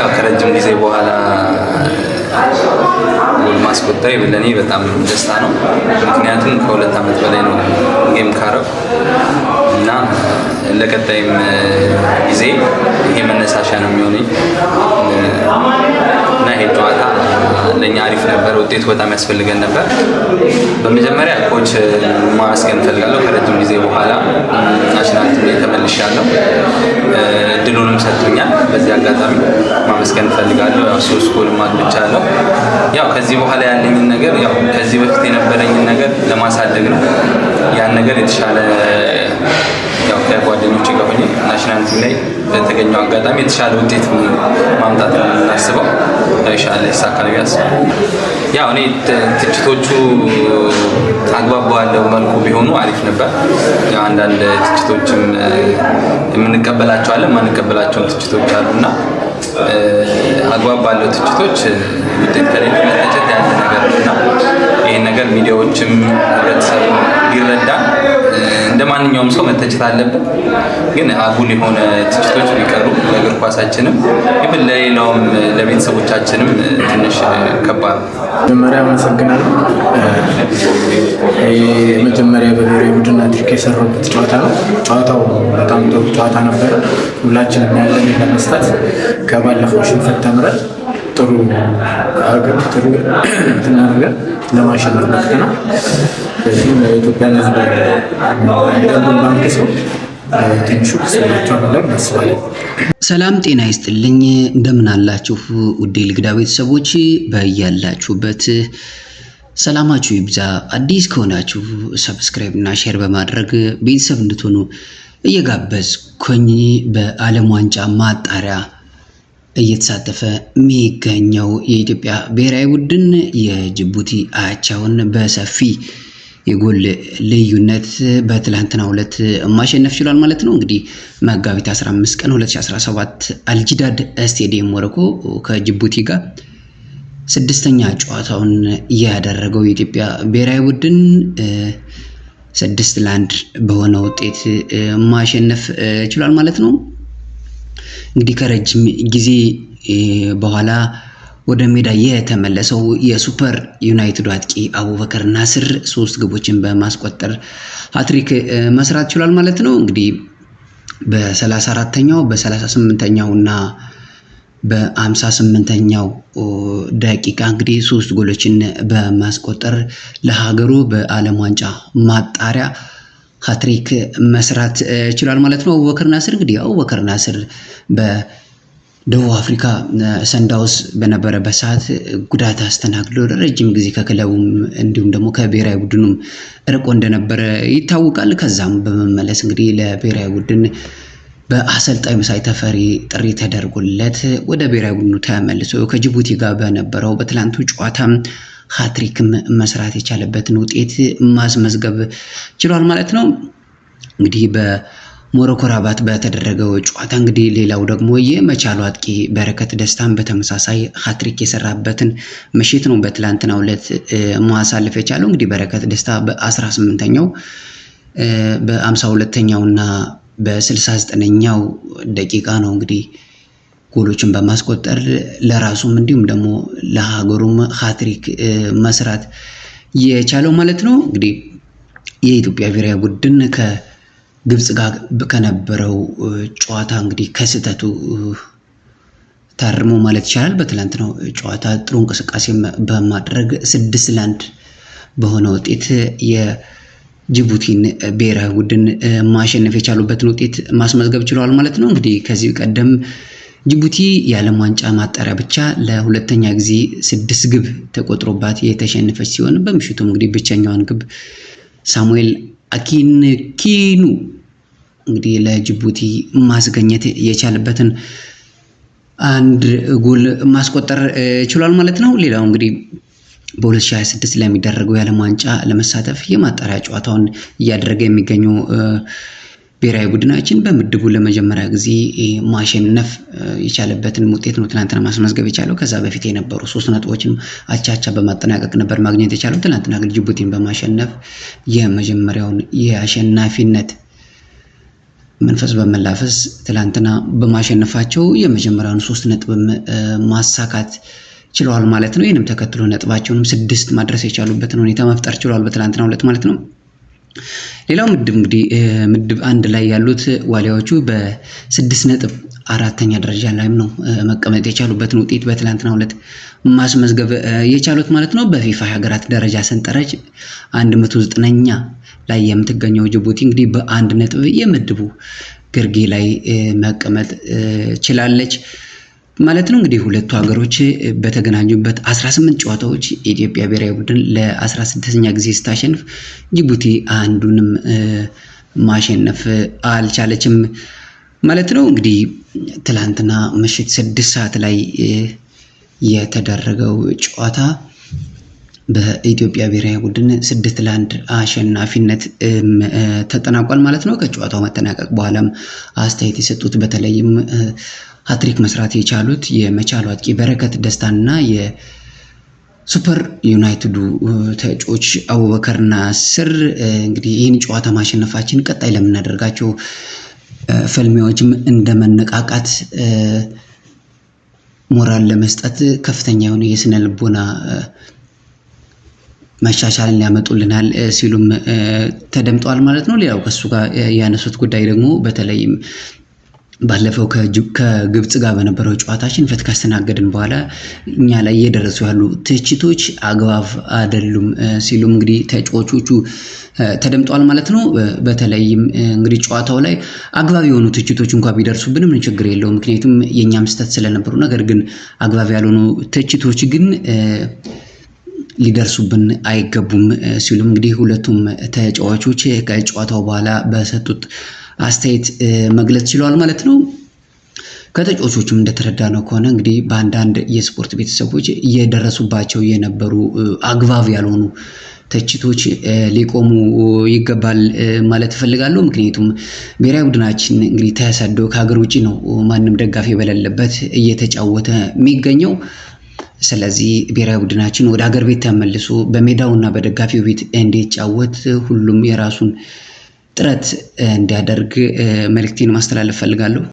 ያው ከረጅም ጊዜ በኋላ ጎል ማስቆጠሬ ለእኔ በጣም ደስታ ነው። ምክንያቱም ከሁለት ዓመት በላይ ነው ጌም ካረብ እና ለቀጣይም ጊዜ ይሄ መነሳሻ ነው የሚሆነኝ እና ይሄ ጨዋታ ለእኛ አሪፍ ነበር። ውጤቱ በጣም ያስፈልገን ነበር። በመጀመሪያ ኮች ማመስገን እፈልጋለሁ። ከረጅም ጊዜ በኋላ ናሽናል ቲም ተመልሻለሁ። እድሉንም ሰጥቶኛል። በዚህ አጋጣሚ ማመስገን እፈልጋለሁ። ያው ሶስት ጎል ያው ከዚህ በኋላ ያለኝን ነገር ያው ከዚህ በፊት የነበረኝን ነገር ለማሳደግ ነው። ያን ነገር የተሻለ ያው ከጓደኞች ጋር ሆኜ በተገኘው አጋጣሚ የተሻለ ውጤት ማምጣት ነው የምናስበው። ይሻለ ይሳካል ብዬ ያው እኔ ትችቶቹ አግባብ ባለው መልኩ ቢሆኑ አሪፍ ነበር። አንዳንድ ትችቶችም የምንቀበላቸዋለን ማንቀበላቸውን ትችቶች አሉና አግባብ ባለው ትችቶች ውጤት ከሌለ መተቸት ያለ ነገር እና ይህን ነገር ሚዲያዎችም ህብረተሰቡ ሊረዳ እንደ ማንኛውም ሰው መተቸት አለብን ግን አጉል የሆነ ትችቶች ቢቀሩ ለእግር ኳሳችንም ይብን ለሌላውም ለቤተሰቦቻችንም ትንሽ ከባድ ነው። መጀመሪያ አመሰግናለሁ። መጀመሪያ በብሔራዊ ቡድን የሰራበት ጨዋታ ነው። ጨዋታው በጣም ጥሩ ጨዋታ ነበረ። ሁላችንም ያለን ለመስጠት ከባለፈው ሽንፈት ተምረን ጥሩ አገር ጥሩ እንትና ነገር ለማሸነፍ መክት ነው። በዚህም የኢትዮጵያ ሕዝብ ደንቡን ባንክ ሰው ሰላም ጤና ይስጥልኝ። እንደምን አላችሁ ውዴ ልግዳ ቤተሰቦች በያላችሁበት ሰላማችሁ ይብዛ። አዲስ ከሆናችሁ ሰብስክራይብ እና ሼር በማድረግ ቤተሰብ እንድትሆኑ እየጋበዝኩኝ በዓለም ዋንጫ ማጣሪያ እየተሳተፈ የሚገኘው የኢትዮጵያ ብሔራዊ ቡድን የጅቡቲ አቻውን በሰፊ የጎል ልዩነት በትላንትና ሁለት ማሸነፍ ችሏል ማለት ነው። እንግዲህ መጋቢት 15 ቀን 2017 አልጂዳድ ስቴዲየም ሞሮኮ ከጅቡቲ ጋር ስድስተኛ ጨዋታውን ያደረገው የኢትዮጵያ ብሔራዊ ቡድን ስድስት ለአንድ በሆነ ውጤት ማሸነፍ ችሏል ማለት ነው። እንግዲህ ከረጅም ጊዜ በኋላ ወደ ሜዳ የተመለሰው የሱፐር ዩናይትድ አጥቂ አቡበከር ናስር ሶስት ግቦችን በማስቆጠር ሀትሪክ መስራት ችሏል ማለት ነው። እንግዲህ በ34ተኛው በ38ተኛው እና በአምሳ ስምንተኛው ደቂቃ እንግዲህ ሶስት ጎሎችን በማስቆጠር ለሀገሩ በዓለም ዋንጫ ማጣሪያ ሀትሪክ መስራት ችሏል ማለት ነው። አቡበከር ናስር እንግዲህ አቡበከር ናስር በደቡብ አፍሪካ ሰንዳውስ በነበረበት ሰዓት ጉዳት አስተናግዶ ረጅም ጊዜ ከክለቡም እንዲሁም ደግሞ ከብሔራዊ ቡድኑም እርቆ እንደነበረ ይታወቃል። ከዛም በመመለስ እንግዲህ ለብሔራዊ ቡድን በአሰልጣኝ መሳይ ተፈሪ ጥሪ ተደርጎለት ወደ ብሔራዊ ቡድኑ ተመልሶ ከጅቡቲ ጋር በነበረው በትላንቱ ጨዋታ ሀትሪክም መስራት የቻለበትን ውጤት ማስመዝገብ ችሏል ማለት ነው። እንግዲህ በሞሮኮ ራባት በተደረገው ጨዋታ እንግዲህ ሌላው ደግሞ የመቻሉ አጥቂ በረከት ደስታን በተመሳሳይ ሀትሪክ የሰራበትን ምሽት ነው በትላንትናው ዕለት ማሳለፍ የቻለው እንግዲህ በረከት ደስታ በ18ኛው በ52ኛውና በ69ኛው ደቂቃ ነው እንግዲህ ጎሎችን በማስቆጠር ለራሱም እንዲሁም ደግሞ ለሀገሩም ሀትሪክ መስራት የቻለው ማለት ነው። እንግዲህ የኢትዮጵያ ብሔራዊ ቡድን ከግብፅ ጋር ከነበረው ጨዋታ እንግዲህ ከስህተቱ ታርሞ ማለት ይቻላል። ነው ጨዋታ ጥሩ እንቅስቃሴ በማድረግ ስድስት ለአንድ በሆነ ውጤት ጅቡቲን ብሔራዊ ቡድን ማሸነፍ የቻሉበትን ውጤት ማስመዝገብ ችለዋል ማለት ነው። እንግዲህ ከዚህ ቀደም ጅቡቲ የዓለም ዋንጫ ማጣሪያ ብቻ ለሁለተኛ ጊዜ ስድስት ግብ ተቆጥሮባት የተሸነፈች ሲሆን በምሽቱም እንግዲህ ብቸኛዋን ግብ ሳሙኤል አኪንኪኑ እንግዲህ ለጅቡቲ ማስገኘት የቻለበትን አንድ ጎል ማስቆጠር ችሏል ማለት ነው። ሌላው እንግዲህ በ2026 ለሚደረገው የዓለም ዋንጫ ለመሳተፍ የማጣሪያ ጨዋታውን እያደረገ የሚገኘው ብሔራዊ ቡድናችን በምድቡ ለመጀመሪያ ጊዜ ማሸነፍ የቻለበትን ውጤት ነው ትናንትና ማስመዝገብ የቻለው። ከዛ በፊት የነበሩ ሶስት ነጥቦችም አቻቻ በማጠናቀቅ ነበር ማግኘት የቻለው። ትናንትና ግን ጅቡቲን በማሸነፍ የመጀመሪያውን የአሸናፊነት መንፈስ በመላፈስ ትናንትና በማሸነፋቸው የመጀመሪያውን ሶስት ነጥብ ማሳካት ችለዋል ማለት ነው። ይህንም ተከትሎ ነጥባቸውንም ስድስት ማድረስ የቻሉበትን ሁኔታ መፍጠር ችለዋል በትናንትናው ዕለት ማለት ነው። ሌላው ምድብ እንግዲህ ምድብ አንድ ላይ ያሉት ዋሊያዎቹ በስድስት ነጥብ አራተኛ ደረጃ ላይም ነው መቀመጥ የቻሉበትን ውጤት በትላንትናው ዕለት ማስመዝገብ የቻሉት ማለት ነው። በፊፋ ሀገራት ደረጃ ሰንጠረዥ 109ኛ ላይ የምትገኘው ጅቡቲ እንግዲህ በአንድ ነጥብ የምድቡ ግርጌ ላይ መቀመጥ ችላለች። ማለት ነው። እንግዲህ ሁለቱ ሀገሮች በተገናኙበት 18 ጨዋታዎች የኢትዮጵያ ብሔራዊ ቡድን ለ16ኛ ጊዜ ስታሸንፍ ጅቡቲ አንዱንም ማሸነፍ አልቻለችም ማለት ነው። እንግዲህ ትላንትና ምሽት ስድስት ሰዓት ላይ የተደረገው ጨዋታ በኢትዮጵያ ብሔራዊ ቡድን ስድስት ለአንድ አሸናፊነት ተጠናቋል ማለት ነው። ከጨዋታው መጠናቀቅ በኋላም አስተያየት የሰጡት በተለይም ሀትሪክ መስራት የቻሉት የመቻሉ አጥቂ በረከት ደስታና የሱፐር ዩናይትዱ ተጫዋች አቡበከር ናስር እንግዲህ ይህን ጨዋታ ማሸነፋችን ቀጣይ ለምናደርጋቸው ፍልሚያዎችም እንደ መነቃቃት ሞራል ለመስጠት ከፍተኛ የሆነ የስነ ልቦና መሻሻልን ያመጡልናል ሲሉም ተደምጠዋል ማለት ነው። ሌላው ከሱ ጋር ያነሱት ጉዳይ ደግሞ በተለይም ባለፈው ከግብፅ ጋር በነበረው ጨዋታችን ፈት ካስተናገድን በኋላ እኛ ላይ እየደረሱ ያሉ ትችቶች አግባብ አይደሉም ሲሉም እንግዲህ ተጫዋቾቹ ተደምጠዋል ማለት ነው። በተለይም እንግዲህ ጨዋታው ላይ አግባብ የሆኑ ትችቶች እንኳ ምን ችግር የለውም ምክንያቱም የእኛም ስህተት ስለነበሩ፣ ነገር ግን አግባብ ያልሆኑ ትችቶች ግን ሊደርሱብን አይገቡም ሲሉም እንግዲህ ሁለቱም ተጫዋቾች ከጨዋታው በኋላ በሰጡት አስተያየት መግለጽ ችሏል ማለት ነው። ከተጫዋቾቹም እንደተረዳ ነው ከሆነ እንግዲህ በአንዳንድ የስፖርት ቤተሰቦች እየደረሱባቸው የነበሩ አግባብ ያልሆኑ ትችቶች ሊቆሙ ይገባል ማለት እፈልጋለሁ። ምክንያቱም ብሔራዊ ቡድናችን እንግዲህ ተሰዶ ከሀገር ውጭ ነው ማንም ደጋፊ በሌለበት እየተጫወተ የሚገኘው። ስለዚህ ብሔራዊ ቡድናችን ወደ ሀገር ቤት ተመልሶ በሜዳውና በደጋፊው ቤት እንዲጫወት ሁሉም የራሱን ጥረት እንዲያደርግ መልእክቴን ማስተላለፍ ፈልጋለሁ።